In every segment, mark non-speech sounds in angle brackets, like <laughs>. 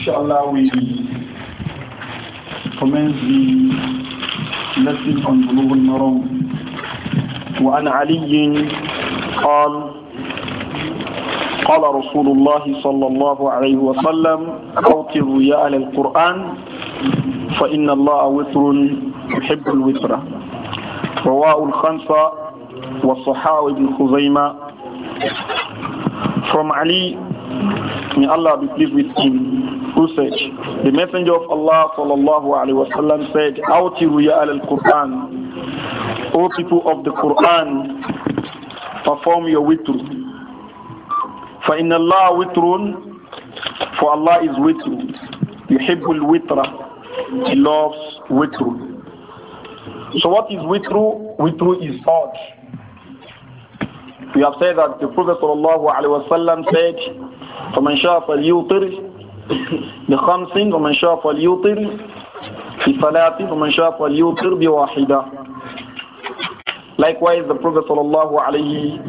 Inshallah, we commence the lesson on Bulugh al-Maram. وعن علي قال قال رسول الله صلى الله عليه وسلم أوتروا يا أهل القرآن فإن الله وتر يحب الوتر رواه الخمسة والصحاوي بن خزيمة from Ali may Allah be pleased with him who the messenger of Allah sallallahu alaihi wasallam said, "Autiru ya al Quran, O people of the Quran, perform your witr. For in Allah witrun, for Allah is witr. Yuhibbul witra, He loves witr. So what is witr? Witr is odd. We have said that the Prophet sallallahu alaihi wasallam said, "فمن شاء فليوتر بخمس ومن شاء فليطر في صلاة ومن شاء فليطر بواحدة Likewise the Prophet صلى الله عليه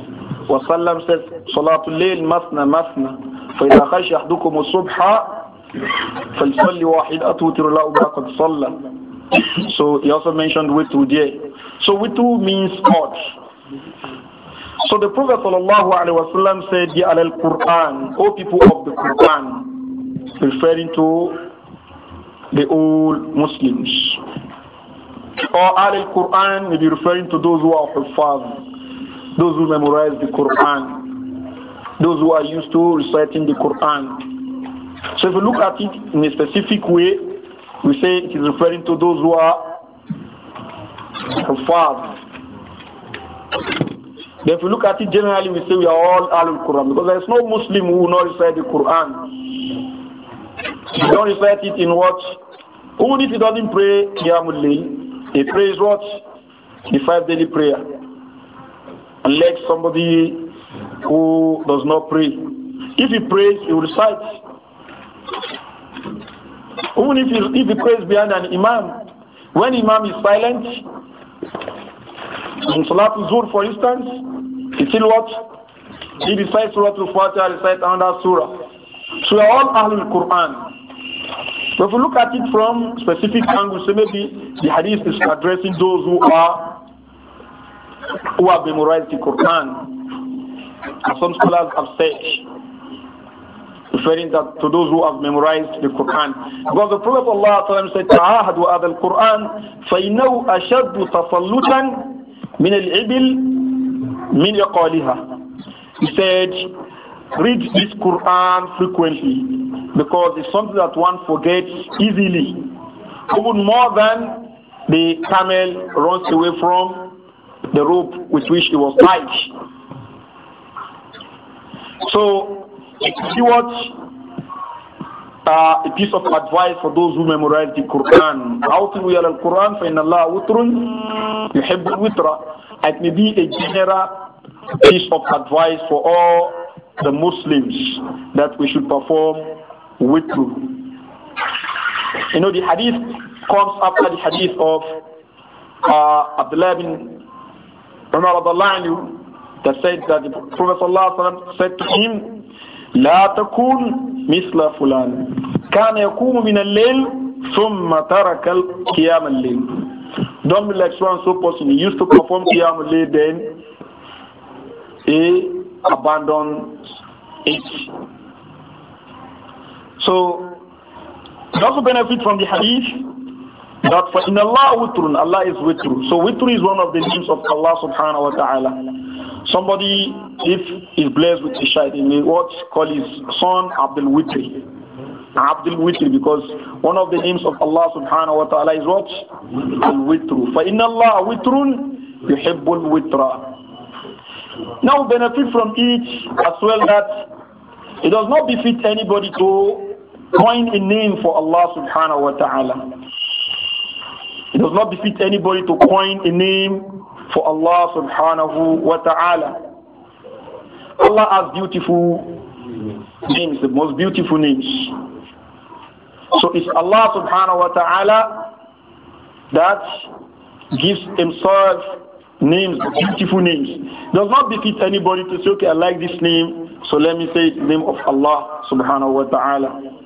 وسلم says صلاة الليل مثنى مثنى فإذا خش أحدكم الصبح فليصلي واحدة توتر لا أبرا قد صلى So he also mentioned with two day. So with two means odd. So the Prophet ﷺ said, Ya Al-Quran, O people of the Quran, referring to the old Muslims. Or Al Quran may be referring to those who are Hufaz, those who memorize the Quran, those who are used to reciting the Quran. So if you look at it in a specific way, we say it is referring to those who are Hufaz. Then if you look at it generally, we say we are all Al Quran because there is no Muslim who will not recite the Quran. He don't recite it in what? Even if he doesn't pray he prays what? The five daily prayer. Unlike somebody who does not pray. If he prays, he will recite. Even if he, if he prays behind an imam, when imam is silent, in Salatul Zuhr for instance, he still what? He recites Surah Al-Fatiha, recites another surah. So we are all Ahlul Quran. So if we look at it from specific angles, so maybe the hadith is addressing those who are who have memorized the Quran. As some scholars have said, referring that to those who have memorized the Quran. Because the Prophet Allah said, Ta'ahadu ad al Quran, فَإِنَّهُ أَشَدُّ تَصَلُّتًا مِنَ الْعِبِلِ مِنْ يَقَالِهَا. He said, read this Quran frequently because it's something that one forgets easily, even more than the camel runs away from the rope with which it was tied. So, see what uh, a piece of advice for those who memorize the Quran. Awtilu al Quran fa inna Allah wutrun yuhibbul witra. It may be a general piece of advice for all the Muslims that we should perform witru. You know, the hadith comes after the hadith of uh, Abdullah bin Umar Radiallahu that said that the Prophet ﷺ said to him, لا تكون مثل فلان كان يقوم من الليل ثم ترك قيام الليل Don't be like so and so person. He used to perform Qiyam al then he abandoned it. So, we also benefit from the hadith that for in Allah witrun, Allah is witru. So witru is one of the names of Allah subhanahu wa ta'ala. Somebody, if is blessed with ishaq, he what call his son Abdul Witri. Abdul Witri, because one of the names of Allah subhanahu wa ta'ala is what? Al Witru. For in Allah witrun, yuhibbul witra. Now benefit from it as well that it does not befit anybody to coin a name for Allah subhanahu wa ta'ala. It does not defeat anybody to coin a name for Allah subhanahu wa ta'ala. Allah has beautiful names, the most beautiful names. So it's Allah subhanahu wa ta'ala that gives himself names, beautiful names. Does not defeat anybody to say, okay, I like this name, so let me say the name of Allah subhanahu wa ta'ala.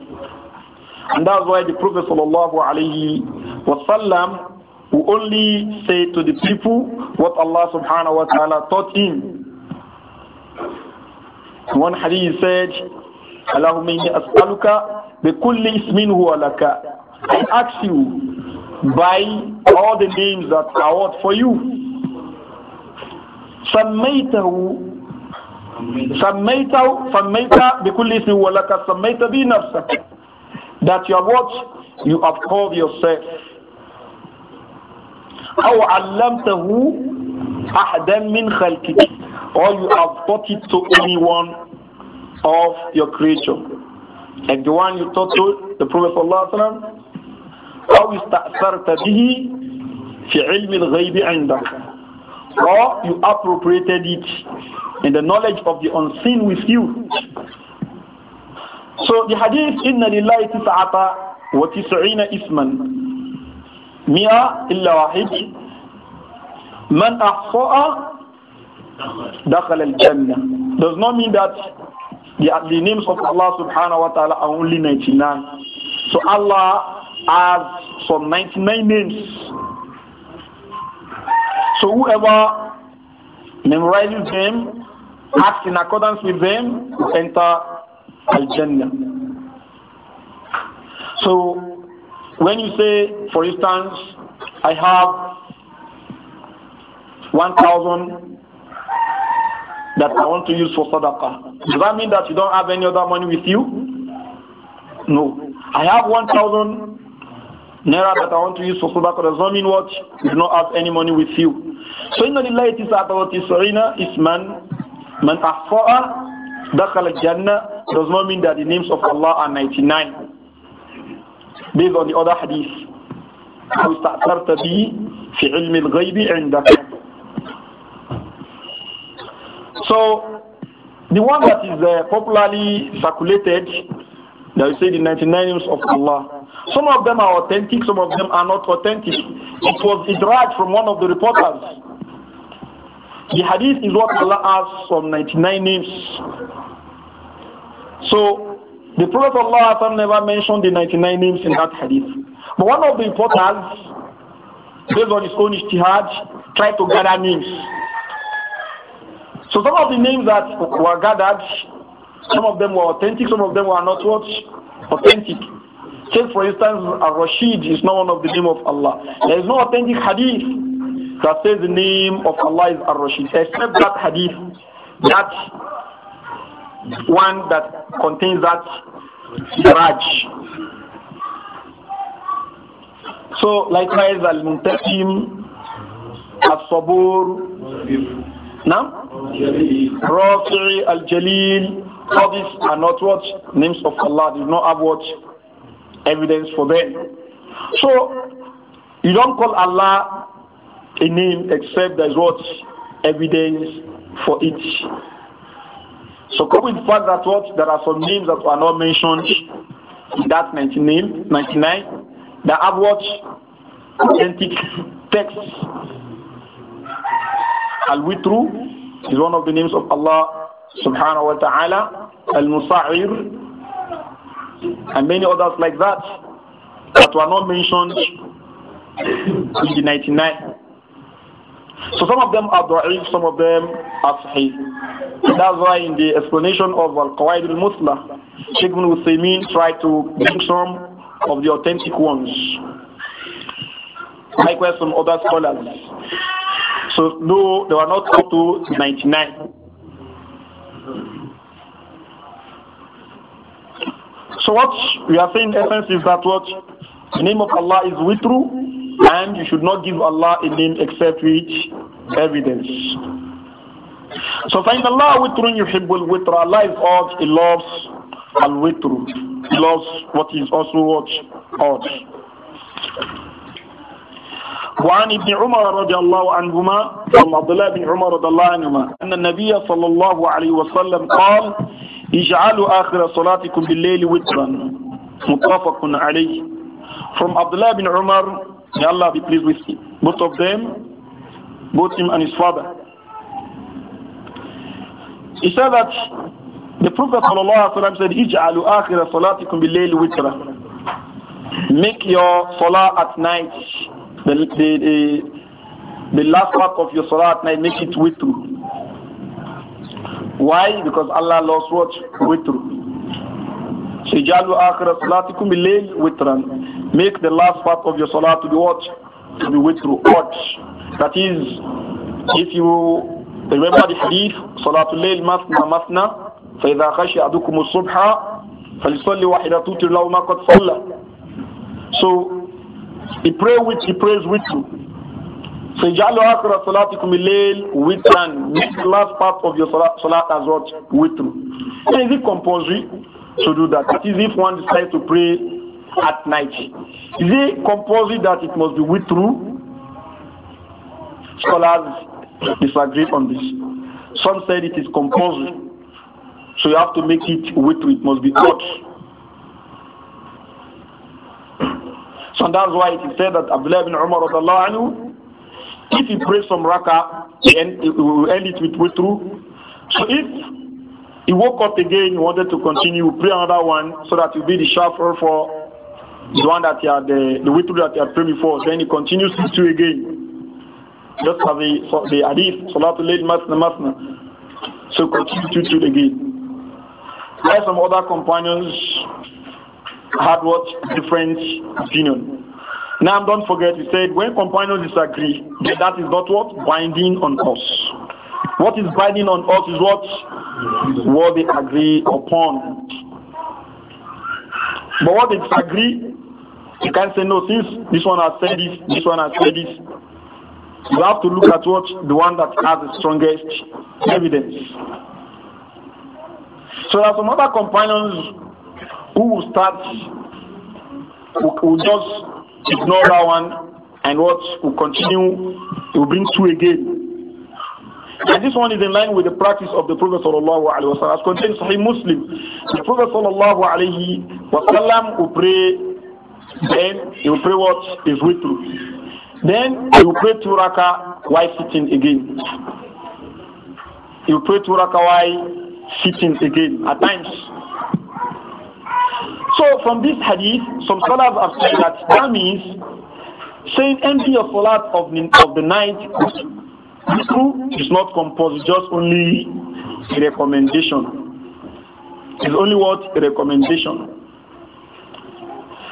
And that's why the Prophet وسلم, who only say to the people what Allah subhanahu wa ta'ala taught him. One hadith said, اللهم إني bi kulli اسم هو لك I ask you by all the names that are out for you سميته سميته سميت بكل اسم هو لك سميت به نفسك that you have what? You have called yourself. أو علمته ahdan min خلقك or you have taught it to anyone of your creature like the one you taught to the Prophet sallallahu alaihi wasallam أو استأثرت به في علم الغيب عندك or you appropriated it in the knowledge of the unseen with you so the hadith, إِنَّ wa تِسْعَةَ ismān. Mi'ā illa waḥid." Man مَنْ أَحْصَاءَ al-jannah Does not mean that the, the names of Allah subhanahu wa ta'ala are only 99. So Allah has some 99 names. So whoever memorizes them, acts in accordance with them, enter Al-Jannah. So when you say, for instance, I have 1,000 that I want to use for sadaqah, does that mean that you don't have any other money with you? No. I have 1,000 naira that I want to use for sadaqah. Does that mean what? You do not have any money with you. So in the light is about Israel, is man, man ahfa'a Dakhal Jannah does not mean that the names of Allah are 99. Based on the other hadith. أو استأثرت به في علم الغيب عندك. So, the one that is uh, popularly circulated, that you say the 99 names of Allah. Some of them are authentic, some of them are not authentic. It was derived from one of the reporters the hadith is what Allah has from 99 names. So the Prophet Allah never mentioned the 99 names in that hadith. But one of the importers, based on his own ijtihad, tried to gather names. So some of the names that were gathered, some of them were authentic, some of them were not what? Authentic. Take for instance, Rashid is not one of the name of Allah. There is no authentic hadith that says the name of Allah is Ar-Rashid, except that hadith, that one that contains that Siraj. So likewise, Al-Muntakim, al sabur now, Rafi, Al-Jalil, all these are not what names of Allah. They do not have what evidence for them. So you don't call Allah a name except there's what evidence for it. So coming with fact that what there are some names that were not mentioned in that 99, 99 that have what authentic texts. Al-Witru is one of the names of Allah subhanahu wa ta'ala. Al-Musa'ir and many others like that that were not mentioned in the 99. So some of them are da'if, some of them are sahih. That's why in the explanation of Al-Qawaid al-Musla, Sheikh Ibn Uthaymeen tried to bring some of the authentic ones. Likewise some other scholars. So no, they were not up to 99. So what we are saying in essence is that what the name of Allah is you. And you should not give Allah a name except with evidence. So find Allah witrun yuhibbul witr. Allah is odd, he loves al witr. He loves what is also what odd. وعن ابن عمر رضي الله عنهما عن عبد الله بن عمر رضي الله عنهما أن النبي صلى الله عليه وسلم قال اجعلوا آخر صلاتكم بالليل وترا متفق عليه From Abdullah bin Umar May Allah be pleased with him. Both of them, both him and his father. He said that the Prophet ﷺ said, Ij'alu akhira salatikum bilayl witra. Make your salah at night, the, the, the, the last part of your salah at night, make it witr. Why? Because Allah loves what? Witr. Sijalu akhira salatikum bilayl witran. Make the last part of your salah to be what? To be with witru. What? That is, if you remember the hadith, salatul layl masna masna, فإذا خشي أحدكم الصبح فليصلي واحدة توتر له ما قد صلى. So, he pray with, he prays with you. So Jalu Akra Salatikum Ilail Witran. Make the last part of your salat, salat as what? with Witru. Is it compulsory? to do that. it is if one decides to pray at night. Is it compulsory that it must be with through? Scholars disagree on this. Some said it is compulsory. So you have to make it with it must be taught. So that's why it is said that Abdullah ibn Umar anhu, if he prays from Raka, he, will end it with witru. So if he woke up again, wanted to continue, pray another one so that he'll be the shaffer for the one that he had, uh, the, the withdrew that he had prayed before. Then he continues to do again. Just for the, so the hadith, Salatul late Masna Masna. So continue to do again. Why some other companions had what different opinion. Now don't forget, he said, when companions disagree, that is not what binding on us. What is binding on us is what what they agree upon. But what they disagree, you can't say no. Since this one has said this, this one has said this. You have to look at what the one that has the strongest evidence. So there are some other companions who will start who will just ignore that one and what will continue will bring two again and this one is in line with the practice of the Prophet sallallahu alaihi wasallam, as contained Sahih Muslim. The Prophet sallallahu alaihi wasallam will pray, then he will pray what is witr, Then he will pray two raka while sitting again. He will pray two raka while sitting again at times. So from this hadith, some scholars have said that that means saying empty of salat of the night rule is not composed; just only a recommendation. It's only what? A recommendation.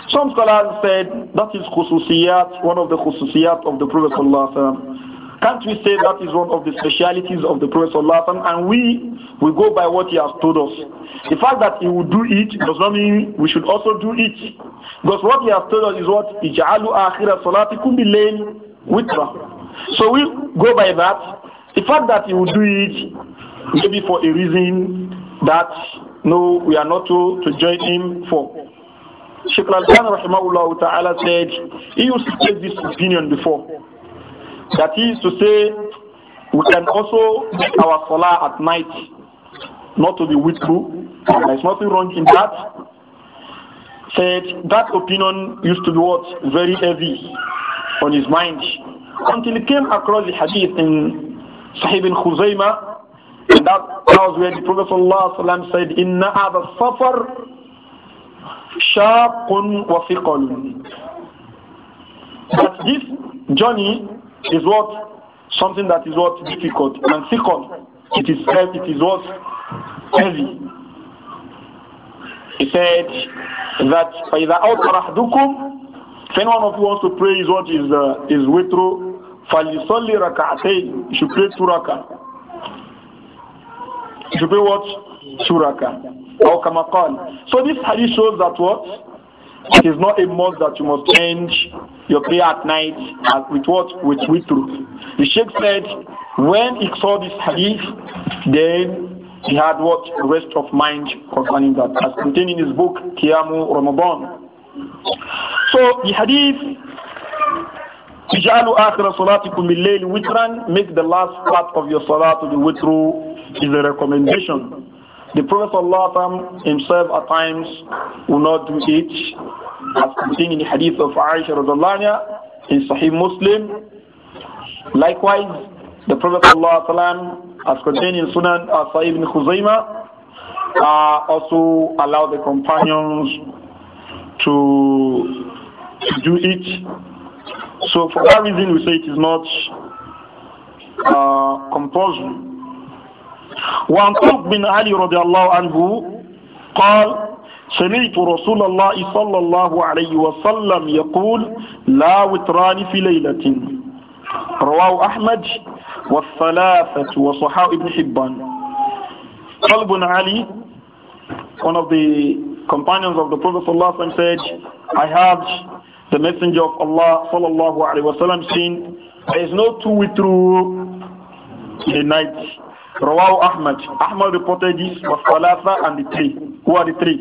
Some scholars said that is khususiyat, one of the khususiyat of the Prophet ﷺ. Can't we say that is one of the specialities of the Prophet ﷺ? And we, we go by what he has told us. The fact that he will do it does not mean we should also do it. Because what he has told us is what? إِجْعَلُوا akhirat صَلَاتِكُمْ بِاللَّيْلِ witra. So we go by that. The fact that he would do it maybe for a reason that no, we are not to, to join him for. Sheikh Al-Khan rahimahullah ta'ala said, he used to take this opinion before. That is to say, we can also make our salah at night, not to be withdrew. There's nothing wrong in that. Said that opinion used to be what? Very heavy on his mind until he came across the hadith in Sahib bin Khuzaimah. And that, was where the Prophet said, Inna ada safar shaqun wa fiqal. That this journey is what? Something that is what? Difficult. And second, It is, it is what? Heavy. He said that فَإِذَا أَوْتَرَ أَحْدُكُمْ if anyone of you wants to pray is what is uh, is witru, falisolli raka'atayn. You should pray two raka. You should pray what? Two raka. Or So this hadith shows that what? It is not a must that you must change your prayer at night with what? With witru. The Sheikh said, when he saw this hadith, then he had what? Rest of mind concerning that. As contained in his book, Kiyamu Ramadan. So the hadith, make the last part of your salah to be witru is a recommendation. The Prophet ﷺ himself at times will not do it. As contained in the hadith of Aisha Radhalanya in Sahih Muslim. Likewise, the Prophet ﷺ as contained in Sunan uh, Sahih ibn Khuzaimah uh, also allowed the companions to, to do it. So for that reason, we say it is not uh, compulsory. وعن طلق بن علي رضي الله عنه قال سمعت رسول الله صلى الله عليه وسلم يقول لا وتران في ليلة رواه أحمد والثلاثة وصحاء ابن حبان طلق بن علي one of the companions of the Prophet ﷺ said, I have the Messenger of Allah sallallahu alaihi wasallam seen, there is no two with through the night. Rawahu Ahmad. Ahmad reported this was Salafa and the three. Who are the three?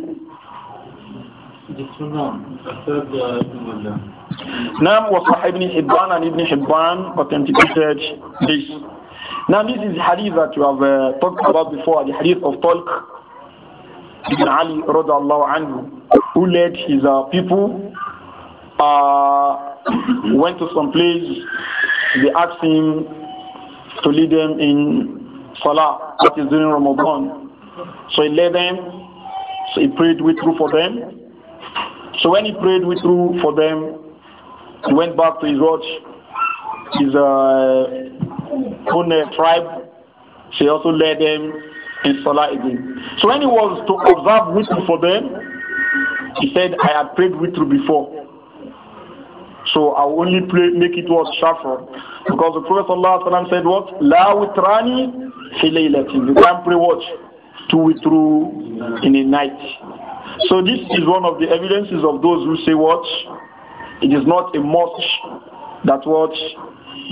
Nam was Sahih ibn Hibban and Ibn Hibban authenticated this. Now this is the hadith that you have uh, talked about before, the hadith of Talq Ibn Ali radiallahu anhu, who led his uh, people, uh, went to some place. They asked him to lead them in Salah, that is during Ramadan. So he led them. So he prayed with through for them. So when he prayed with through for them, he went back to his watch, his uh, own uh, tribe. So he also led them in salah again. So when he was to observe witru for them, he said, I had prayed witru before. So I will only pray make it was shafar. Because the Prophet Allah said what? La witrani filaylati? You can't pray what? Two witru in a night. So this is one of the evidences of those who say what? It is not a must that what?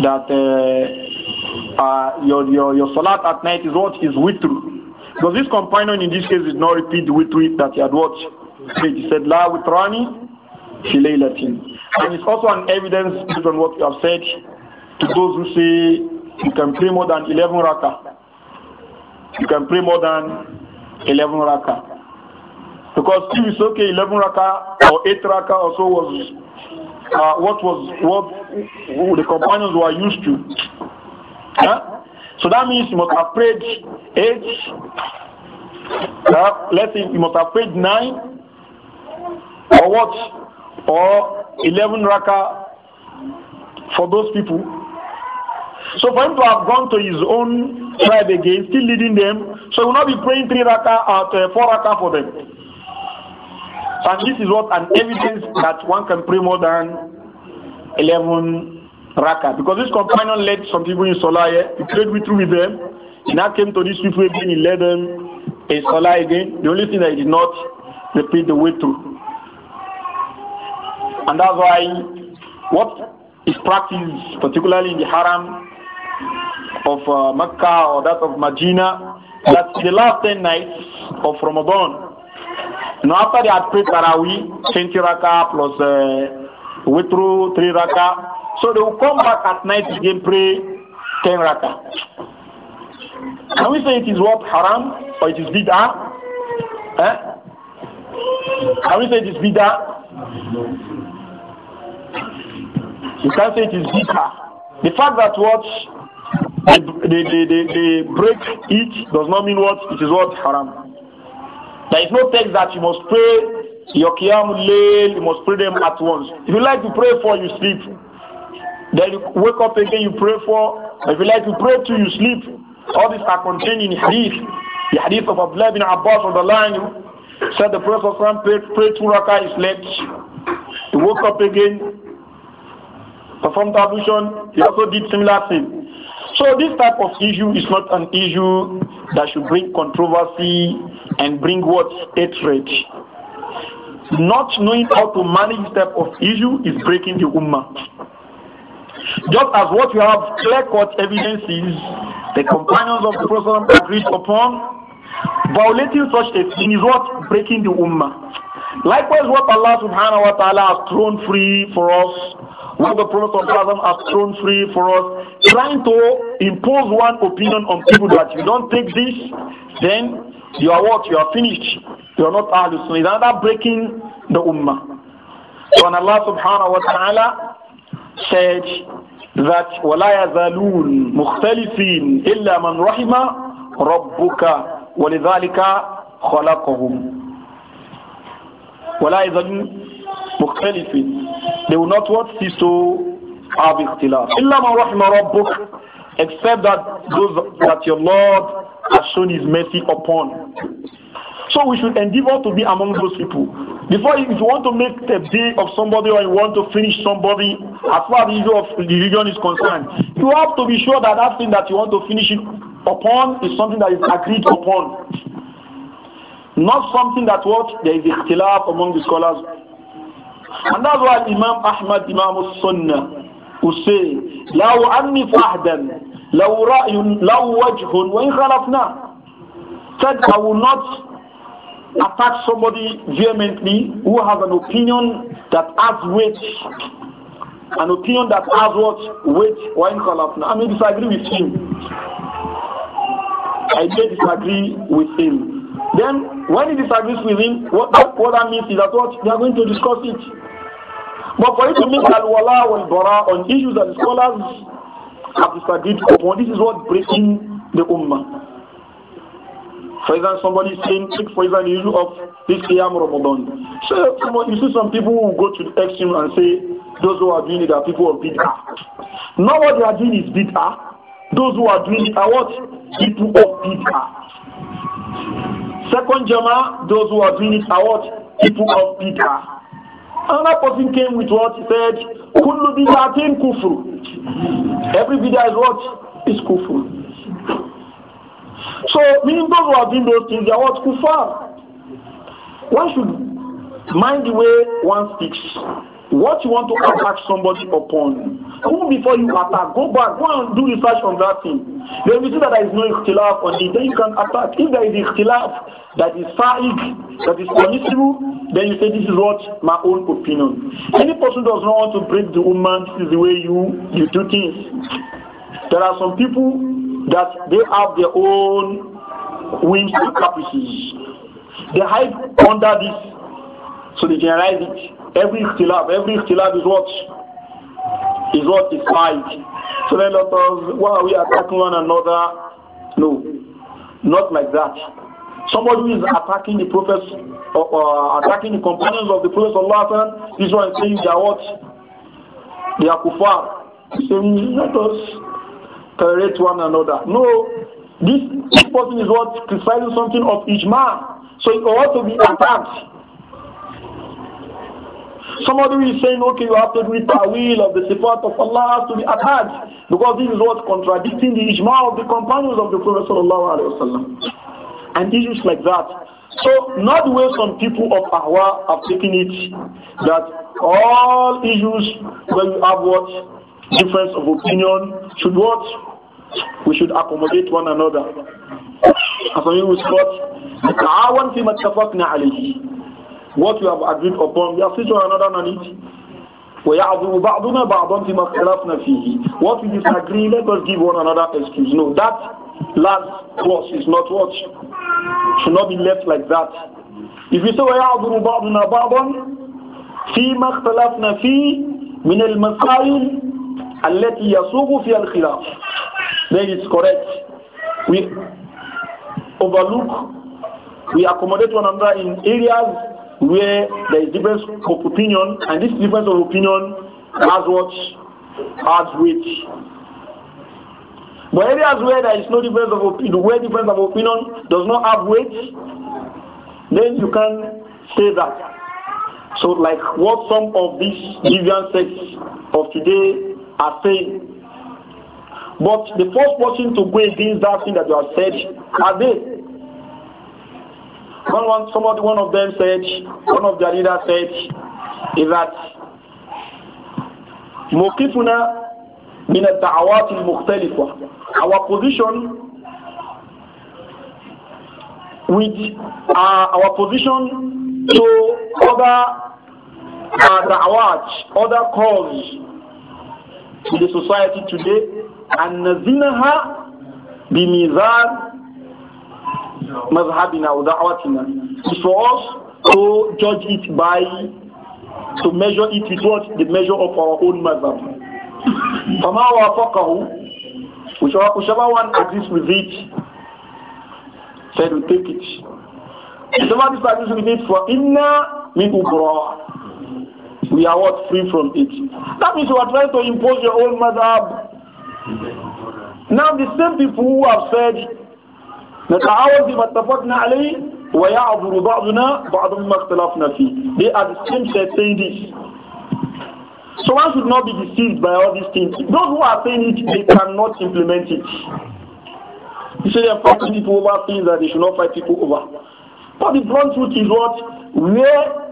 That uh, uh, your, your, your salat at night is what? Is witru. Because this companion in this case did not repeat the witri that he had watched. He said, La witrani Latin. And it's also an evidence based on what you have said to those who say you can pray more than 11 raka. You can pray more than 11 raka. Because if it's okay, 11 raka or 8 raka. or so was uh, what was what the companions were used to. So that means you must have prayed eight. Uh, let's say you must have prayed nine, or what, or eleven raka for those people. So for him to have gone to his own tribe again, still leading them, so he will not be praying three raka or uh, uh, four raka for them. And this is what an evidence that one can pray more than eleven Raka. Because this companion led some people in Salah, he prayed with, with them. He now came to these people again, he led them in Salah again. The only thing that he did not repeat the way through. And that's why what is practiced, particularly in the haram of uh, Mecca or that of Medina, that in the last 10 nights of Ramadan, you know, after they had prayed tarawih, 20 raka plus uh, Witru, 3 raka. So they will come back at night again, pray 10 raka. Can we say it is what? Haram? Or it is bid'ah? Eh? Can we say it is bid'ah? You can't say it is bid'ah. The fact that what they, they, they, they, break it does not mean what? It is what? Haram. There is no text that you must pray your Qiyam you must pray them at once. If you like to pray before you sleep, then you wake up again, you pray for. If you like, you pray till you sleep. All these are contained in hadith. The hadith of Abdullah bin Abbas on the line said the Prophet prayed, prayed two rakah, he slept. He woke up again, performed ablution. He also did similar thing. So this type of issue is not an issue that should bring controversy and bring what hatred. Not knowing how to manage this type of issue is breaking the ummah. Just as what you have clear-cut evidences, the companions of the Prophet agreed upon, violating such a thing is what breaking the ummah. Likewise, what Allah subhanahu wa ta'ala has thrown free for us, what the Prophet of Prophet has thrown free for us, trying to impose one opinion on people that you don't take this, then you are what? You are finished. You are not Ahlul Sunnah. It's another breaking the ummah. So, Allah subhanahu wa ta'ala said that وَلَا يَزَالُونَ مُخْتَلِفِينَ إِلَّا مَنْ رَحِمَ رَبُّكَ وَلِذَلِكَ خَلَقَهُمْ وَلَا يَزَالُونَ مُخْتَلِفِينَ They will not what? Cease to have ikhtilaf. إِلَّا مَنْ رَحِمَ رَبُّكَ Except that those that your Lord has shown his mercy upon so we should endeavor to be among those people. Before, if you want to make the day of somebody or you want to finish somebody, as far as the issue of religion is concerned, you have to be sure that that thing that you want to finish it upon is something that is agreed upon. Not something that what there is a ikhtilaf among the scholars. And that's why Imam Ahmad, Imam Sunnah, who say, لو أني فهدا لو رأي لو وجه وإن خلفنا said I will not attack somebody vehemently who has an opinion that has weight, an opinion that has what weight or incolapna. I may disagree with him. I may disagree with him. Then when he disagrees with him, what that, what that means is that what they are going to discuss it. But for you to make al-wala wal bara on issues that scholars have disagreed upon, this is what breaking the ummah. For example, somebody saying, take for example, issue of this AM Ramadan. So you see some people who go to the extreme and say, those who are doing it are people of bid'ah. Now what they are doing is bid'ah. Those who are doing it are what? People of bid'ah. Second Jama, those who are doing it are what? People of bid'ah. Another person came with what he said, Kullu bid'atin kufru. Every bid'ah is what? Is kufru. So, meaning those who are doing those things, they are what? Kufar. One should mind the way one speaks. What you want to attack somebody upon. Even before you attack, go back, go and do research on that thing. Then you see that there is no ikhtilaf on it, then you can attack. If there is ikhtilaf that is sa'ik, that is permissible, then you say this is what my own opinion. Any person does not want to break the woman, this is the way you, you do things. There are some people that they have their own whims and caprices. They hide under this, so they generalize it. Every ikhtilaf, every ikhtilaf is what? Is what is fight. So then lot of, why are we attacking one another? No, not like that. Somebody who is attacking the prophets, or, uh, attacking the companions of the Prophet Allah, this one saying they are what? They are kuffar. Saying, let us Tolerate one another. No, this, this person is what criticizing something of each man. So it ought to be attacked. Somebody is saying, okay, you have to do it by will of the support of Allah has to be attacked because this is what contradicting the ijma of the companions of the Prophet and issues like that. So not the way some people of Ahwa have taken it that all issues where you have what difference of opinion should what we should accommodate one another. As we spot, What you have agreed upon, we sitting one another on it. What we disagree, let us give one another excuse. No, that last clause is not what should not be left like that. If you say ويعذب بعضنا بعضا فيما اختلفنا فيه من المسائل التي يصوغ فيها الخلاف then it's correct. We overlook, we accommodate one another in areas where there is difference of opinion, and this difference of opinion has what? Has weight. But areas where there is no difference of opinion, where difference of opinion does not have weight, then you can say that. So, like what some of these deviant sects of today are saying, but the first person to go against that thing that you have said are they. One, one, somebody, one of them said, one of their leaders said, is that موقفنا من الدعوات المختلفة our position with uh, our position to other uh, da'awat, other calls in the society today أن زنها بميزان مذهبنا ودعوتنا is for us to judge it by to measure it with what the measure of our own mazhab فما وافقه whichever one agrees with it said we take it whichever disagrees with it for inna min ubra we are what free from it that means you are trying to impose your own mother. Now the same people who have said that نتعاون بما اتفقنا عليه ويعذر بعضنا بعض مما اختلفنا فيه. They are the same set saying this. So one should not be deceived by all these things. Those who are saying it, they cannot implement it. You say they are fighting people over things that they should not fight people over. But the blunt truth is what? Where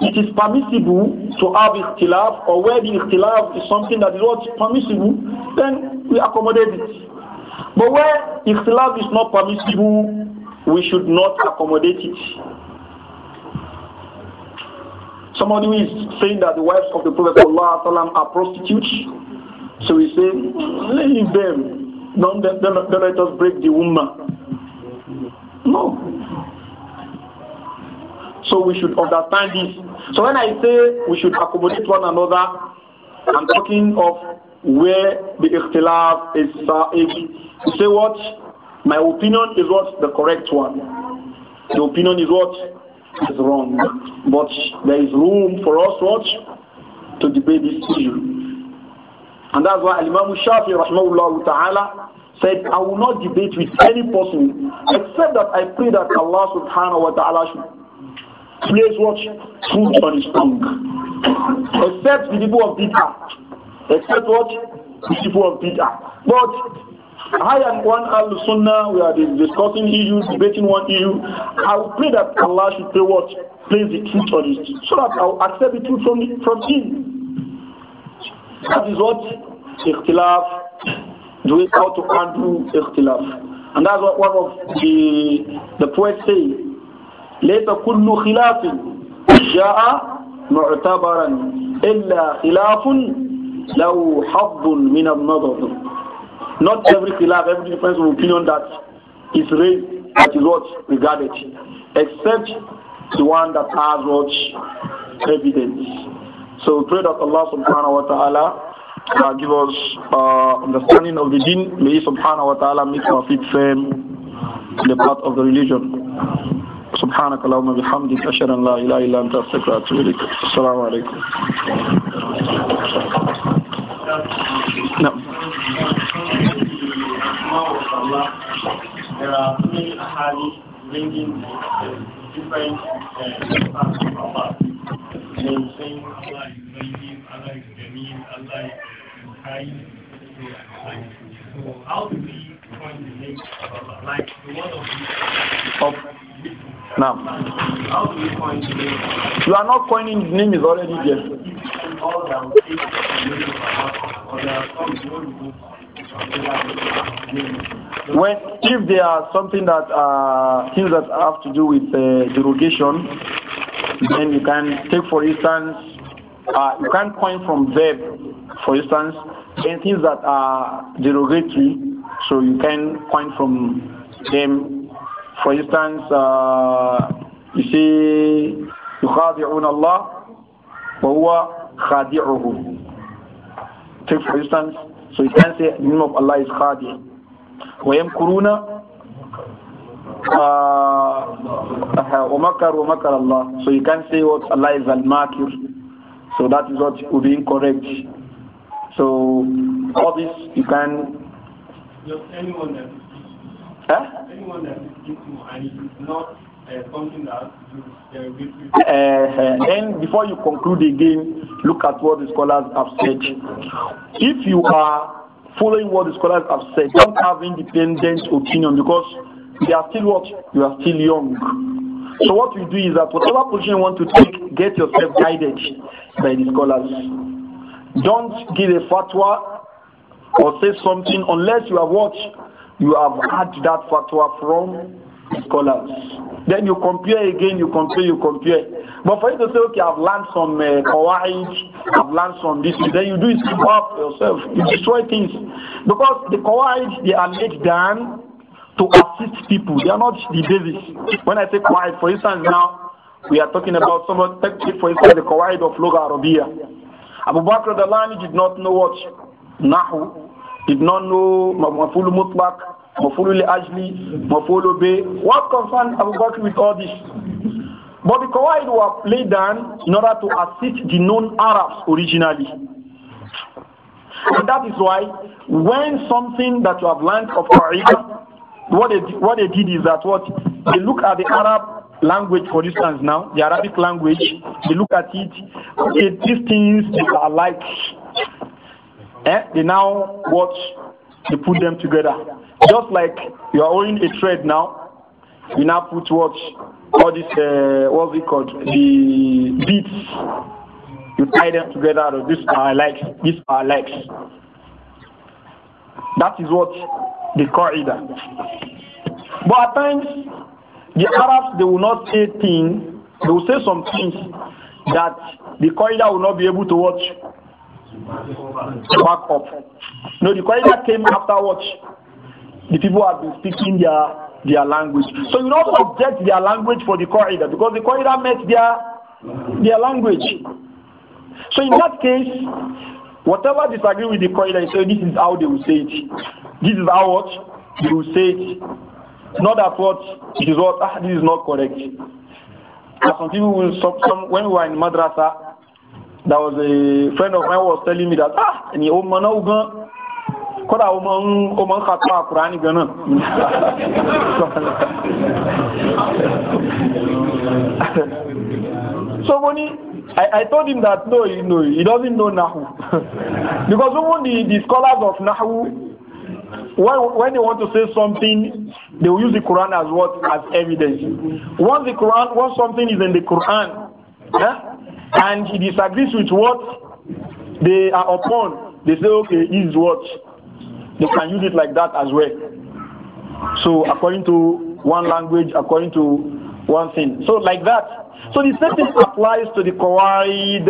it is permissible to have ikhtilaf or where the ikhtilaf is something that is not permissible, then we accommodate it. But where ikhtilaf is not permissible, we should not accommodate it. Somebody is saying that the wives of the Prophet ﷺ are prostitutes, so we say, leave them, don't, don't, don't let us break the woman. No, so we should understand this. So when I say we should accommodate one another, I'm talking of where the ikhtilaf uh, is You Say what? My opinion is what? The correct one. The opinion is what? Is wrong. But there is room for us what? To debate this issue. And that's why Imam Shafi ta'ala said, I will not debate with any person except that I pray that Allah subhanahu wa ta'ala should place what food on his tongue. Except the people of Peter. Except what? The people of Peter. But I am one Al Sunnah, we are discussing issues, debating one issue. I will pray that Allah should pray what? Place the truth on it. So that I will accept the truth from, from Him. That is what? Ikhtilaf. Do it how to undo ikhtilaf. And that's what one of the, the poets say. ليس كل خلاف جاء معتبرا إلا خلاف له حظ من النظر Not every khilaf, every difference of opinion that is raised, that is what regarded, except the one that has what evidence. So pray that Allah subhanahu wa ta'ala uh, give us uh, understanding of the deen. May He subhanahu wa ta'ala make our feet firm in the path of the religion. سبحانك اللهم بحمدك أشهد أن لا إله إلا أنت أستغفرك وأتوب إليك السلام عليكم نعم you now, how do you coin the name? You are not coining the name is already there. When if there are something that uh, things that have to do with uh, derogation, then you can take for instance uh, you can coin from verb, for instance, and things that are derogatory so you can point from them. For instance, uh, you see, يخادعون الله وهو خادعهم. Take for instance, so you can say the name of Allah is khadi. ويمكرون ومكر ومكر Allah. So you can say what Allah is al-makir. So that is what would be incorrect. So all this you can anyone that is not uh, uh, uh, Then before you conclude again, look at what the scholars have said. If you are following what the scholars have said, don't have independent opinion because they are still what? You are still young. So what we do is that whatever position you want to take, get yourself guided by the scholars. Don't give a fatwa or say something unless you have watched, you have had that fatwa from scholars. Then you compare again, you compare, you compare. But for you to say, okay, I've learned some uh, kawaii, I've learned some this, then you do it up yourself. You destroy things. Because the kawaii, they are laid down to assist people. They are not the basis. When I say kawaii, for instance, now we are talking about someone, take for instance the kawaii of Loga Arabia. Abu Bakr al did not know what Nahu did not know Mafulu Mutlak, Mafulu Ajli, Mafulu Bay. What concerned Abu Bakr with all this? But the Qawaid were played down in order to assist the known Arabs originally. And that is why when something that you have learned of Qawaid, what they, what they did is that what they look at the Arab language, for instance, now, the Arabic language, they look at it, these things are alike Eh? They now what You put them together. Just like you are owning a trade now, you now put what all this uh, what's it called the beats, You tie them together. These are uh, legs. These are uh, likes. That is what the call either. But at times the Arabs they will not say things. They will say some things that the corridor will not be able to watch to back up. No, the Quran came afterwards, the people have been speaking their their language. So you don't object their language for the Quran because the Quran met their their language. So in that case, whatever disagree with the Quran, so this is how they will say it. This is how what they will say it. Not that what it is what ah, this is not correct. And some people will some, some when we were in madrasa, that was a friend of mine was telling me that ah ni o mọ náà gan kódà o mọ ń o mọ ń kàtó àkùránì gan náà <laughs> so mo I, I told him that no, he, no, he doesn't know Nahu. <laughs> because even the, the scholars of Nahu, when, when they want to say something, they will use the Quran as what? As evidence. Once the Quran, once something is in the Quran, eh? and he disagrees with what they are upon, they say, okay, this is what? They can use it like that as well. So according to one language, according to one thing. So like that. So the same thing applies to the qawaid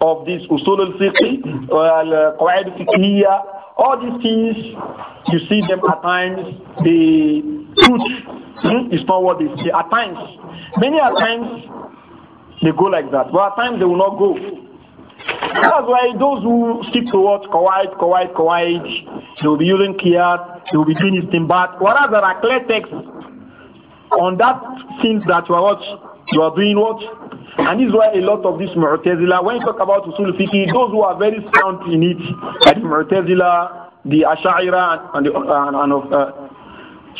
of this usul al-fiqh, uh, qawaid fiqhiyya, all these things, you see them at times, the truth hmm, is not what they say. At times, many at times, they go like that. But at times they will not go. That's why those who stick to what Kuwait, Kuwait, Kuwait, they will be using kia. they will be doing Istimbat. Whereas there are clear texts on that things that you are what you are doing what? And this is why a lot of this Murtezila, when you talk about Usul Fiqh, those who are very sound in it, like Mu'tazila, the Ash'ira, and, the, uh, and, of, uh,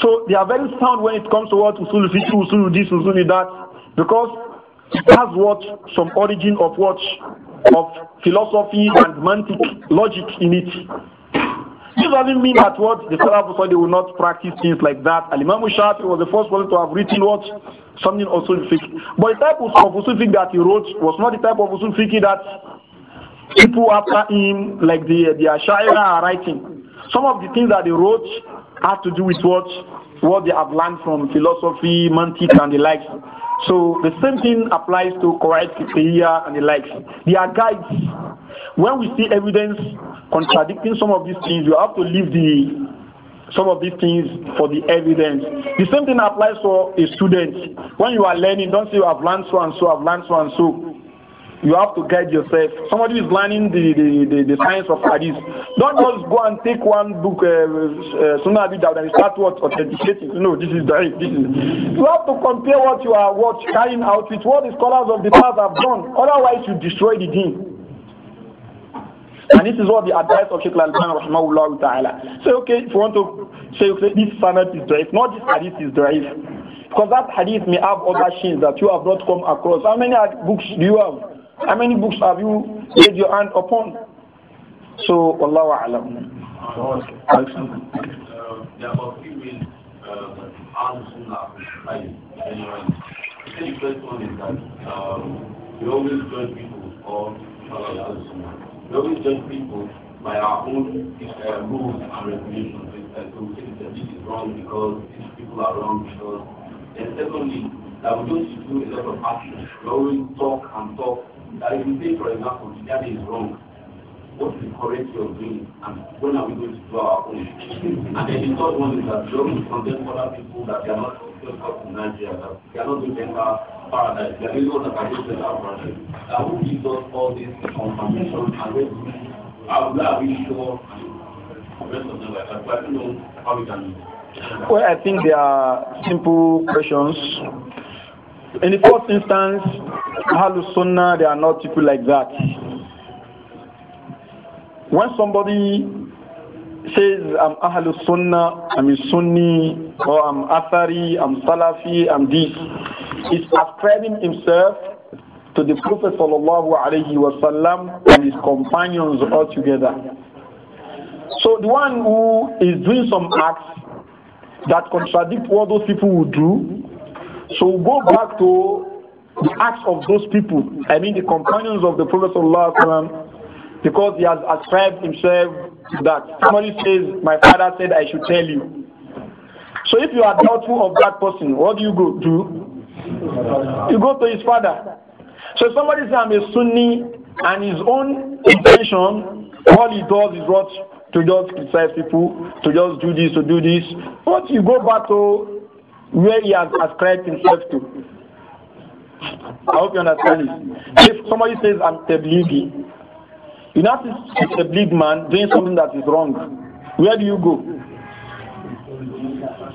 so they are very sound when it comes to what Usul Fiqh, Usul this, Usul that, because it has what some origin of what of philosophy and mantic logic in it. This doesn't mean that what the Salaf Sadi will not practice things like that. Al Imam Shafi was the first one to have written what something of fiqh. But the type of, of that he wrote was not the type of usul that people after him, like the the Ashaira, are writing. Some of the things that they wrote have to do with what what they have learned from philosophy, mantic, and the likes. So the same thing applies to Kuwait, Kipriya, and the likes. They are guides. When we see evidence contradicting some of these things, you have to leave the some of these things for the evidence. The same thing applies for a student. When you are learning, don't say you have learned so and so, I've learned so and so you have to guide yourself. Somebody is learning the, the, the, the science of hadith. Don't just go and take one book, uh, uh, Sunnah and start what authenticating. No, this is the this is. You have to compare what you are what carrying out with what the scholars of the past have done. Otherwise, you destroy the deen. And this is what the advice of Sheikh Al-Albani rahmahullah ta'ala. Say, okay, if you want to say, okay, this hadith is da'if, not this hadith is da'if. Because that hadith may have other shins that you have not come across. How many books do you have? How many books have you laid your hand upon? So, Allahu A'lam. There are a few ways The first one is that we always judge people, we always judge people by our own uh, rules and regulations. That we say that this is wrong because these people are wrong because. And secondly, that we don't do a lot of actions. We always talk and talk that if you say, for example, that is wrong, what is the correct way of doing and when are we going to do our own? and then the third one is that don't condemn other people that they are not just up in Nigeria, that they are not going to enter paradise, they are the ones that are going to enter paradise. That who gives us all this confirmation and where we, how are we sure the rest of them like that? So I don't know how we can. Well, I think they are simple questions in the first instance, Ahlul Sunnah, they are not people like that. When somebody says, I'm Ahlul Sunnah, I'm a Sunni, or I'm Athari, I'm Salafi, I'm this, he's ascribing himself to the Prophet Wasallam and his companions altogether. So the one who is doing some acts that contradict what those people would do, so we will go back to the acts of those people, I mean the companions of the Prophet because he has ascribed himself to that. Somebody says, My father said I should tell you. So if you are doubtful of that person, what do you go do? You go to his father. So somebody says, I'm a Sunni, and his own intention, all he does is what? To just criticize people, to just do this, to do this. But you go back to where he has ascribed himself to. I hope you understand this. If somebody says I'm tablighi, you notice it's a big man doing something that is wrong. Where do you go?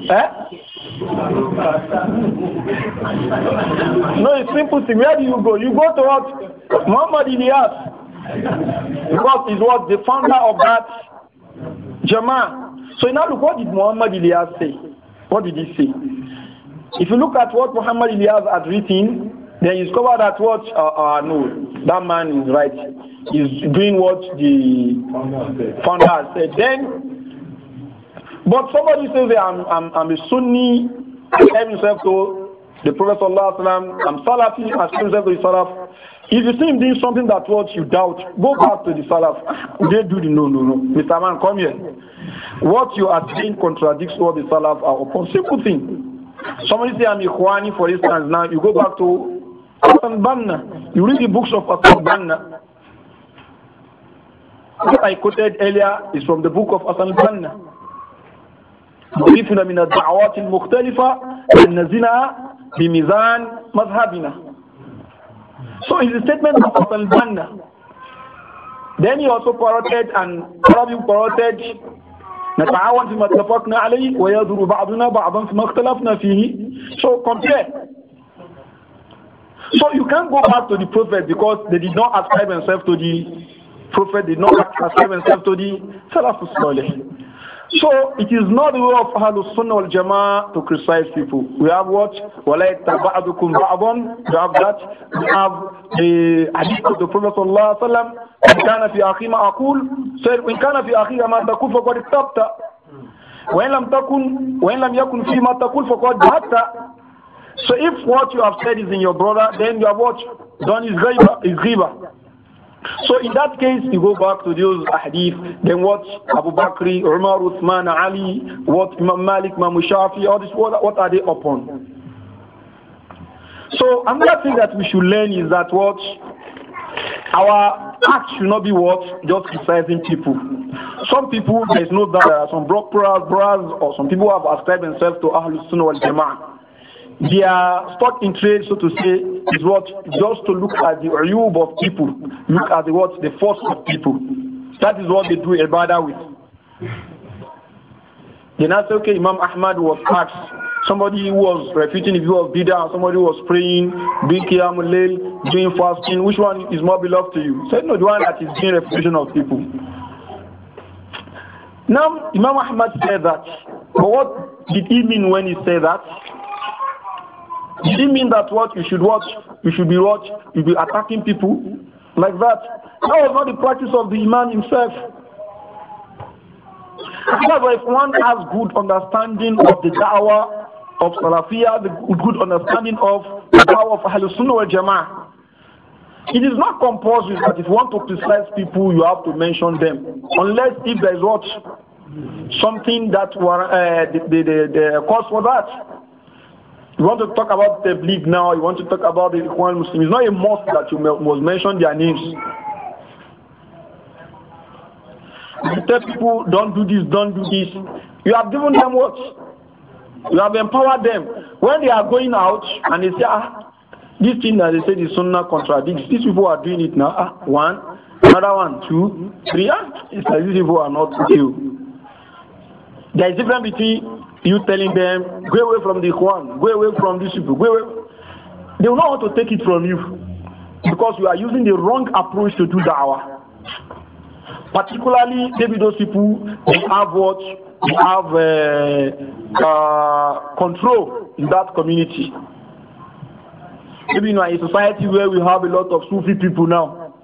Eh? No, it's simple thing. Where do you go? You go to what? Muhammad Ilyas. Because he's what the founder of that Jama. So now look, what did Muhammad Ilyas say? What did he say? If you look at what Muhammad Ilyas had written, then you discover that what uh, uh, no, that man is right. He's doing what the founder said. Then, but somebody says hey, I'm, I'm, I'm a Sunni, claim himself to the Prophet Sallallahu I'm Salafi, I claim himself to the Salaf. If you see him doing something that what you doubt, go back to the Salaf. <laughs> They do the no, no, no. Mr. Man, come here. What you are saying contradicts what the Salaf are upon. Simple thing. Somebody say I'm Ikhwani, for instance, now you go back to Hassan Banna. You read the books of Hassan Banna. What I quoted earlier is from the book of Hassan Banna. يضيفنا من الدعوات المختلفة نزلها بميزان مذهبنا. So it's a statement of Hassan Banna. Then he also parroted and probably parroted نتعاون فيما اتفقنا عليه ويذر بعضنا بعضا فيما اختلفنا فيه. So compare. So you can't go back to the prophet because they did not ascribe themselves to the prophet, did not ascribe themselves to the Salafus Salih. So it is not the way of Ahlus Sunnah wal Jama'ah to criticize people. We have what? وَلَيْتَ بَعْضُكُمْ بَعْضًا We have that. We have the hadith of the Prophet Sallallahu Alaihi Wasallam إن كان في أخي ما أقول إن كان في أخي ما تقول فقد اكتبت وإن لم تكن وإن لم يكن في ما تقول فقد جهدت So if what you have said is in your brother, then you have what done is riba, is riba. So in that case, you go back to those hadith, then what Abu Bakr, Umar, Uthman, Ali, what Imam Malik, Imam Shafi, all this, what, what are they upon? So another thing that we should learn is that what our act should not be what? Just criticizing people. Some people, there is no doubt there are some block brothers or some people who have ascribed themselves to Ahlul Sunnah wal Jama'ah. Their stock in trade, so to say, is what? Just to look at the uyub of people, look at the what? The force of people. That is what they do ibadah with. They now say, okay, Imam Ahmad was asked somebody was refuting the view of Bidah, somebody was praying, doing Qiyam Layl, doing fasting, which one is more beloved to you? Said, no, the one that is doing refutation of people. Now, Imam Ahmad said that, but what did he mean when he said that? Did he mean that what you should watch, you should be watch, you be attacking people like that? That was not the practice of the Imam himself. However, if one has good understanding of the da'wah of Salafiyah, the good understanding of the power of Ahlul Sunnah wal Jama'ah. It is not compulsory that if you want to criticize people, you have to mention them, unless if there is what something that were uh, the, the, the, the, cause for that. You want to talk about the league now, you want to talk about the Ikhwan Muslim. It's not a must that you must mention their names. You tell people, don't do this, don't do this. You have given them what? You have empowered them. When they are going out and they say, ah, this thing that they say is sunnah contradicts, these people are doing it now. Ah, one, another one, two, three. Ah, it's like these people are not with you. There is a difference between you telling them, go away from the Quran, go away from these people, go away. They will not want to take it from you because you are using the wrong approach to do da'wah. Particularly, maybe those people, they have what you have uh, uh, control in that community. Even in a society where we have a lot of Sufi people now.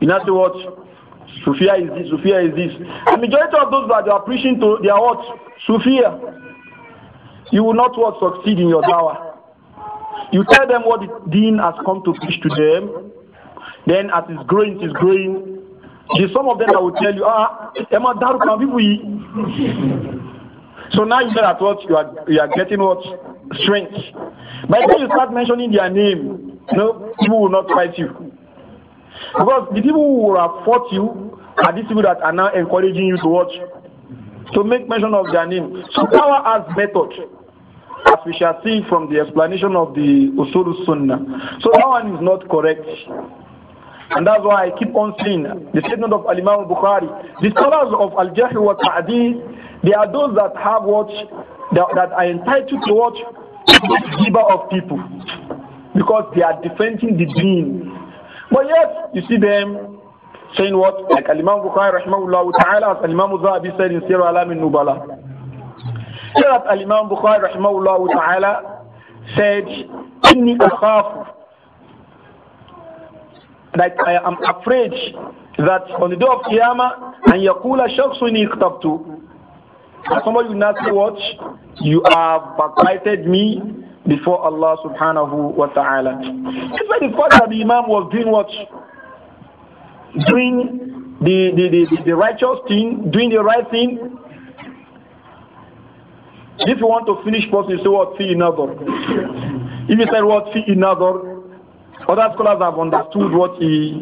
In other words, Sufia is this, Sufia is this. The majority of those that are preaching to, they are what? Sufia. You will not what succeed in your dawah. You tell them what the deen has come to preach to them. Then as it's growing, it's growing. There's some of them that will tell you, ah, Emma So now you know that what you are you are getting what strength. But when you start mentioning their name, no, people will not fight you. Because the people who have fought you are these people that are now encouraging you to watch, to make mention of their name. So power has method as we shall see from the explanation of the Usuru Sunnah. So that one is not correct. And that's why I keep on saying the statement of Al-Imam Bukhari. The scholars of Al-Jahi wa they are those that have watched, that, that are entitled to watch the giver of people. Because they are defending the deen. But yet, you see them saying what, like Al-Imam Bukhari rahimahullah ta'ala, as Al-Imam Zahabi said in Sirah Alam Nubala. Here Al-Imam Bukhari rahimahullah ta'ala said, إني أخاف that I am afraid that on the day of Qiyamah, and Yakula Shaksun Iqtabtu, somebody will not say, What? You have backbited me before Allah subhanahu wa ta'ala. It's by the fact that the Imam was doing what? Doing the, the, the, the righteous thing, doing the right thing. If you want to finish first, you say what? Fi another. If you say what? Fi another, other scholars have understood what he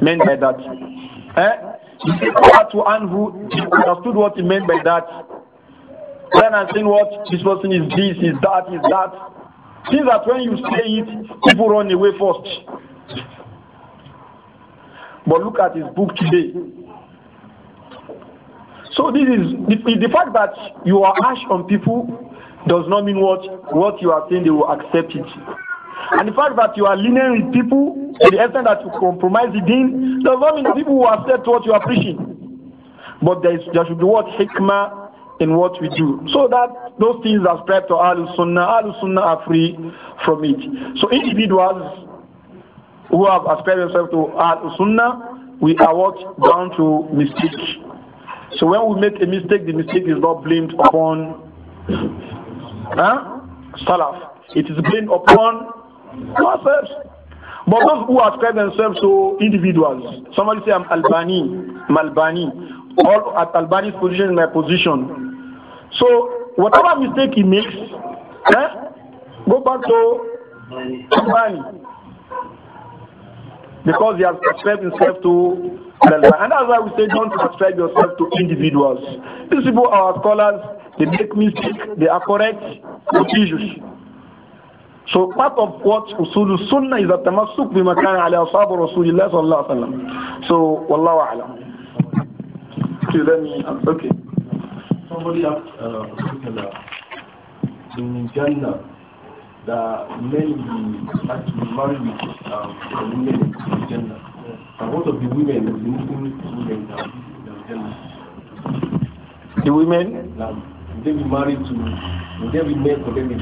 meant by that. Eh? to Anhu understood what he meant by that. Then I think what this person is this, is that, is that. Things that when you say it, people run away first. But look at his book today. So this is the, fact that you are harsh on people does not mean what what you are saying they will accept it. And the fact that you are lenient with people to the extent that you compromise the deen does not mean the people who are said to what you are preaching. But there, is, there should be what hikmah in what we do. So that those things are spread to Al Sunnah. Sunnah are free from it. So individuals who have aspired themselves to Al Sunnah, we are what down to mistake. So when we make a mistake, the mistake is not blamed upon huh? Salaf. It is blamed upon Ourselves. But those who ascribe themselves to individuals, somebody say I'm Albani, I'm Albani, all at Albani's position is my position. So whatever mistake he makes, eh, go back to Albani. Because he has ascribed himself to Albani. And that's why we say don't ascribe yourself to individuals. These people are scholars, they make mistakes, they are correct with issues. So part of what usul sunnah is that tamassuk bima kana ala ashab Rasulillah sallallahu alaihi wasallam. So wallahu a'lam. Okay, let me okay. Somebody asked uh, in Jannah that men be married with um, women in Jannah. And what of the women, the Muslim women in Jannah? The women? Now, they be married to, they be men for them to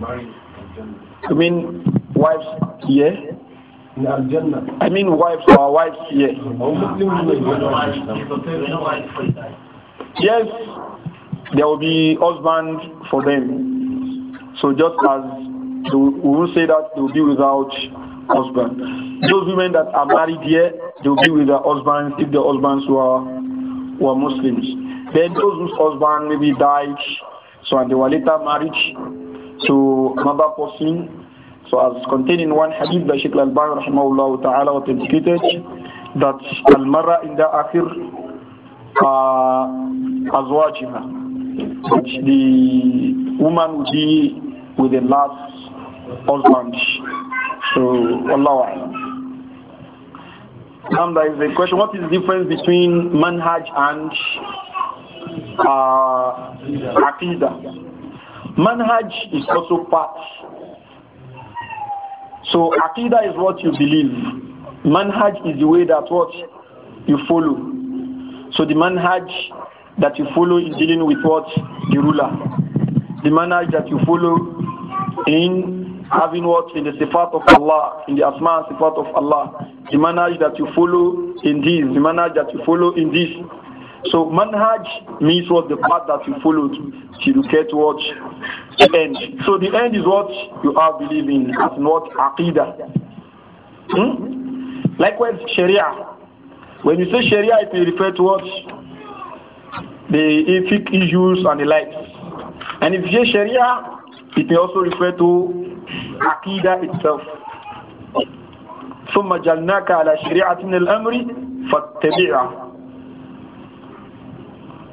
marry in Jannah? I mean wives here? I mean wives or wives here. Yes, there will be husband for them. So just as we will say that they will be without husband. Those women that are married here, they will be with their husbands if their husbands were were Muslims. Then those whose husband maybe died, so and they were later married, to another person. So as contained in one hadith by Sheikh Al-Bani rahimahullah ta'ala authenticated that al-mar'a in the akhir uh, azwajiha which the woman will be with the last husband. So Allah Now there is a question, what is the difference between manhaj and uh, aqidah? Manhaj is also part. So Aqidah is what you believe. Manhaj is the way that what you follow. So the manhaj that you follow is dealing with what? The ruler. The manhaj that you follow in having what? In the sifat of Allah, in the asma sifat of Allah. The manhaj that you follow in this, the manhaj that you follow in this. So manhaj means what the path that you followed to locate what the end. So the end is what you are believing, it's not aqidah. Hmm? Likewise, Sharia. When you say Sharia, it may refer to what the ethic issues and the likes. And if you say Sharia, it may also refer to aqidah itself. ثم جعلناك على شريعة من الأمر فاتبعها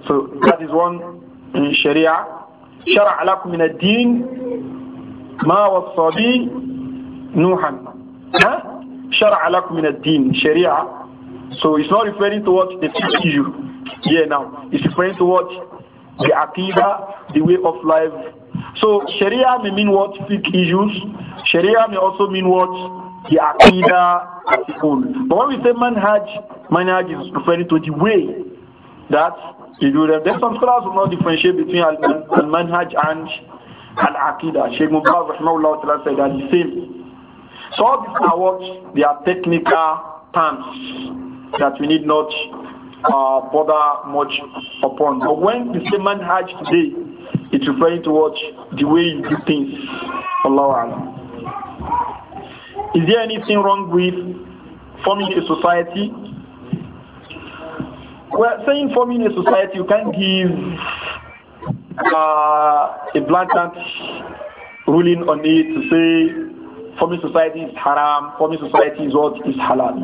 so that is one in Sharia. شرع لكم من الدين ما وصى به نوحا شرع لكم من الدين شريعة So it's not referring to what they teach you. Yeah, now. It's referring to what the aqidah, the way of life. So Sharia may mean what fiqh issues. Sharia may also mean what the aqidah as a whole. But when we say manhaj, manhaj is referring to the way that you do some scholars do not differentiate between al-manhaj and al-aqidah. Sheikh Mubarak rahmahullah said that the same. So all these are what they are technical terms that we need not uh, bother much upon. But when the say manhaj today, it's referring to what the way you do things. Allah. Is there anything wrong with forming a society well, saying forming a society, you can't give uh, a blatant ruling on it to say forming society is haram, forming society is what is halal.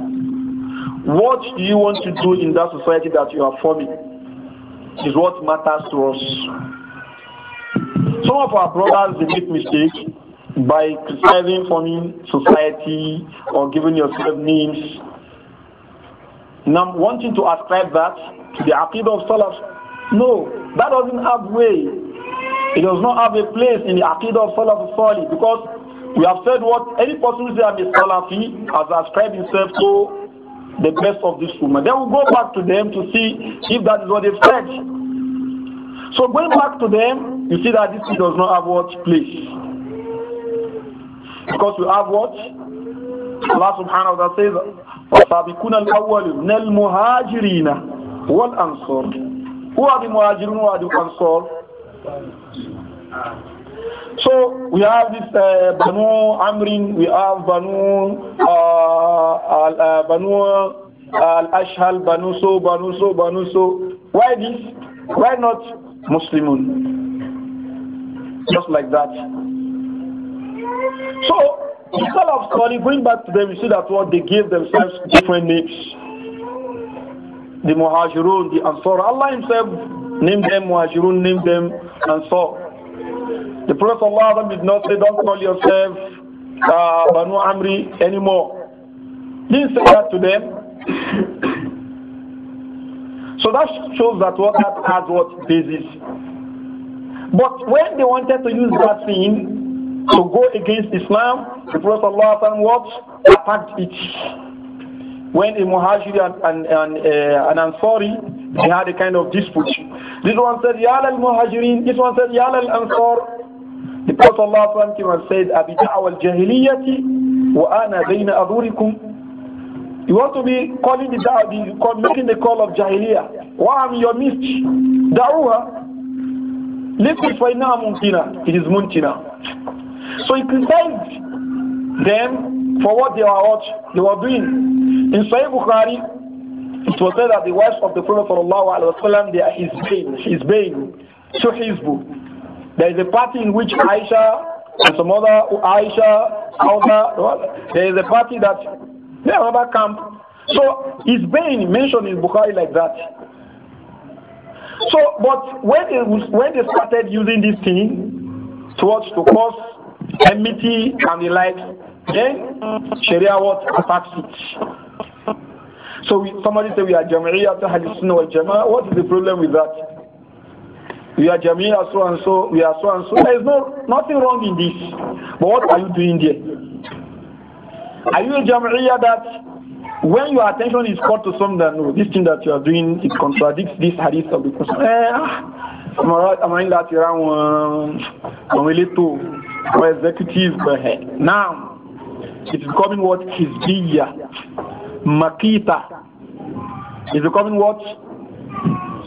What do you want to do in that society that you are forming is what matters to us. Some of our brothers they make mistakes by criticizing forming society or giving yourself names now, wanting to ascribe that to the Aqidah of Salaf, no, that doesn't have way. It does not have a place in the Aqidah of Salaf Salih because we have said what any person who says I'm a Salafi has ascribed himself to the best of this woman. Then we will go back to them to see if that is what they've said. So going back to them, you see that this does not have what place. Because we have what? الله سبحانه وتعالى ta'ala says, فَالسَّابِقُونَ الْأَوَّلُ مِنَ الْمُهَاجِرِينَ وَالْأَنصَارِ Who are the muhajirun, who are So we have this uh, Banu Amrin, we have Banu uh, al, uh, Banu Al-Ashhal, Banu So, Banu So, Banu So. Why this? Why not Muslimun? Just like that. So Instead of calling, going back to them, you see that what they gave themselves different names. The Muhajirun, the Ansar. Allah Himself named them Muhajirun, named them Ansar. The Prophet Allah did not say, don't call yourself uh, Banu Amri anymore. He didn't say that to them. <coughs> so that shows that what that has what basis. But when they wanted to use that thing, to go against Islam, the Prophet Allah what? Attacked it. When a Muhajir and, and, and uh, an Ansari, they had a kind of dispute. This one said, "Ya al Muhajirin, this one said, "Ya al Ansar. The Prophet Allah came and said, Abida al Jahiliyati wa ana bayna adurikum. You want to be calling the da'wah, making the call of Jahiliyyah. Why am your midst? Da'wah. Leave this for now, Muntina. It is Muntina. So he criticized them for what they were they were doing. In Sahih Bukhari, it was said that the wives of the Prophet وسلم, they are his bane, his bane, to Hizbu. There is a party in which Aisha and some other Aisha, Auna, there is a party that they are another camp. So his bane mentioned in Bukhari like that. So, but when they, when they started using this thing towards to cause enmity and the like, then Sharia what attacks it. So we, somebody say we are Jamiyah to Hadith Sunnah wal What is the problem with that? We are Jamiyah so and so, we are so and so. There is no, nothing wrong in this. But what are you doing there? Are you a that when your attention is called to something that no, this thing that you are doing it contradicts this hadith of the Prophet. Eh, I'm ah, I'm in that Iran one. I'm a little or executives per head. Now, it is becoming what? Hizbiya, Makita. It's becoming what?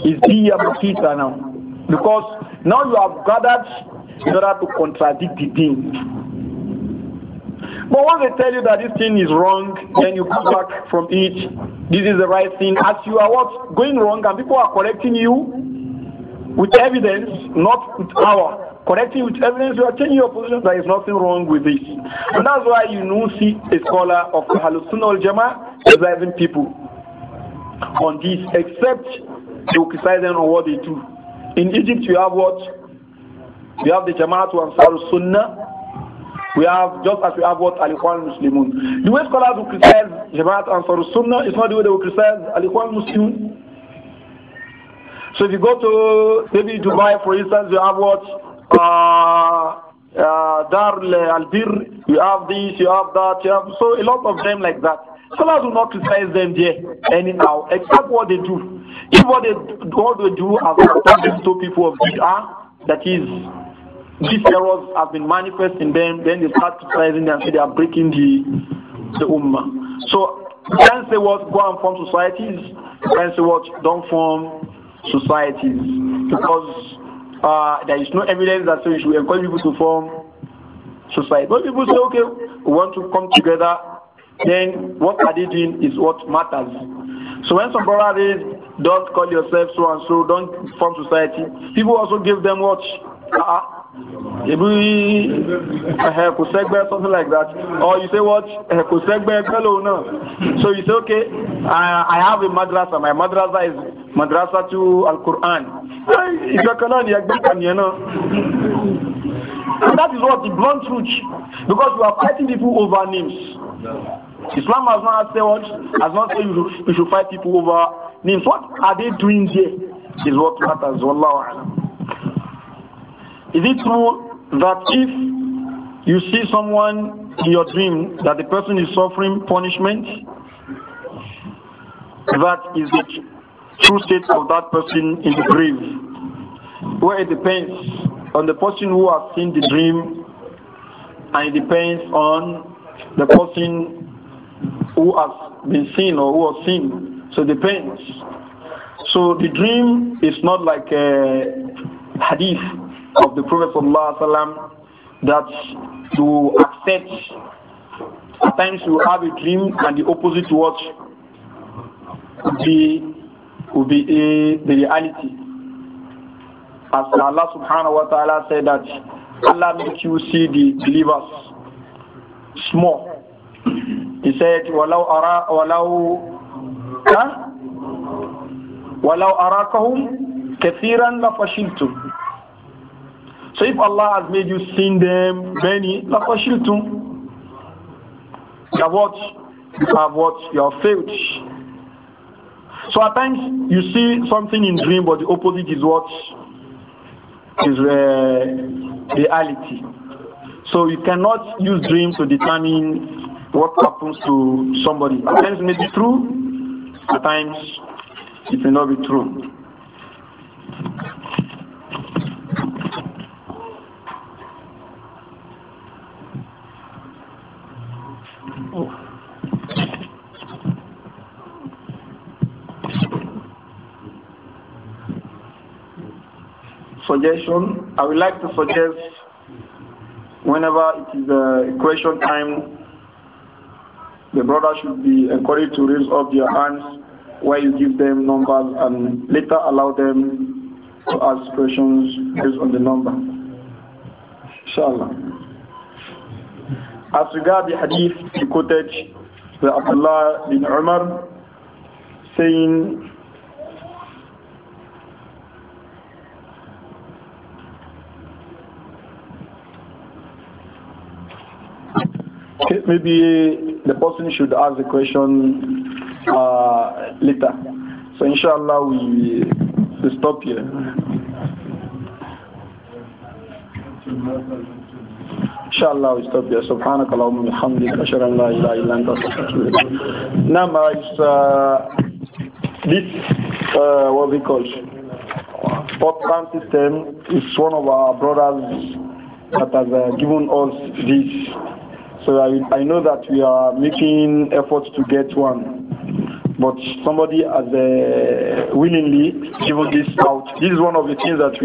Hizbiya, Makita now. Because now you have gathered in order to contradict the thing. But once they tell you that this thing is wrong, then you come back from it. This is the right thing. As you are what going wrong, and people are correcting you with evidence, not with power. Connecting with evidence, you are changing your position. There is nothing wrong with this. And that's why you know see a scholar of halusunul Jama advising people on this, except to criticize them on what they do. In Egypt, you have what? We have the Jamaat and Ansar Sunnah. We have, just as we have what Alikhwan Muslimun. The way scholars will criticize Jamaat Ansar Sunnah is not the way they will criticize Alikhwan Muslimun. So if you go to maybe Dubai, for instance, you have what? uh, uh al you have this, you have that, you have, so a lot of them like that. I do not criticize them there anyhow, except what they do. If what they, what they do them to people of Bid'ah, that is, these errors have been manifest in them, then they start criticizing them and say they are breaking the, the Ummah. So, can say what, go and form societies, can say what, don't form societies. Because uh, there is no evidence that we should encourage people to form society. But people say, okay, we want to come together, then what are they doing is what matters. So when some brother says, don't call yourself so and so, don't form society, people also give them what? Uh -uh ibi have eh, kò sẹ́gbẹ́ something like that or you say what ẹ̀hẹ̀ eh, kò so you say okay I, I have a madrasa my madrasa is madrasa to al-Quran eh, that is what the blunt truth because you are fighting people over names Islam has not said what has not said you should, you should fight people over names what are they doing here? Is what matters wallahu alam. Is it true that if you see someone in your dream that the person is suffering punishment, that is the true state of that person in the grave? Well, it depends on the person who has seen the dream, and it depends on the person who has been seen or who has seen. So it depends. So the dream is not like a hadith of the Prophet ﷺ that to accept at times you have a dream and the opposite what would be would be a, the reality. As Allah subhanahu wa ta'ala said that Allah make you see the believers small. He said, Walau ara walau huh? walau kathiran la fashiltum so if Allah has made you sin them many, laqashiltum. You have what? You have what? You have failed. So at times you see something in dream, but the opposite is what is uh, reality. So you cannot use dream to determine what happens to somebody. At times it may be true, at times it may not be true. suggestion, I would like to suggest whenever it is a uh, question time, the brother should be encouraged to raise up their hands while you give them numbers and later allow them to ask questions based on the number. Inshallah. As regards the hadith he quoted the Abdullah bin Umar saying maybe the person should ask the question uh, later. So inshallah we, we stop here. Inshallah we stop here. سبحانك اللهم وبحمدك أشهد أن لا إله إلا Now my uh, this uh, what we call spot plan system is one of our brothers that has uh, given us this so I, I know that we are making efforts to get one. But somebody has uh, willingly given this out. This is one of the things that we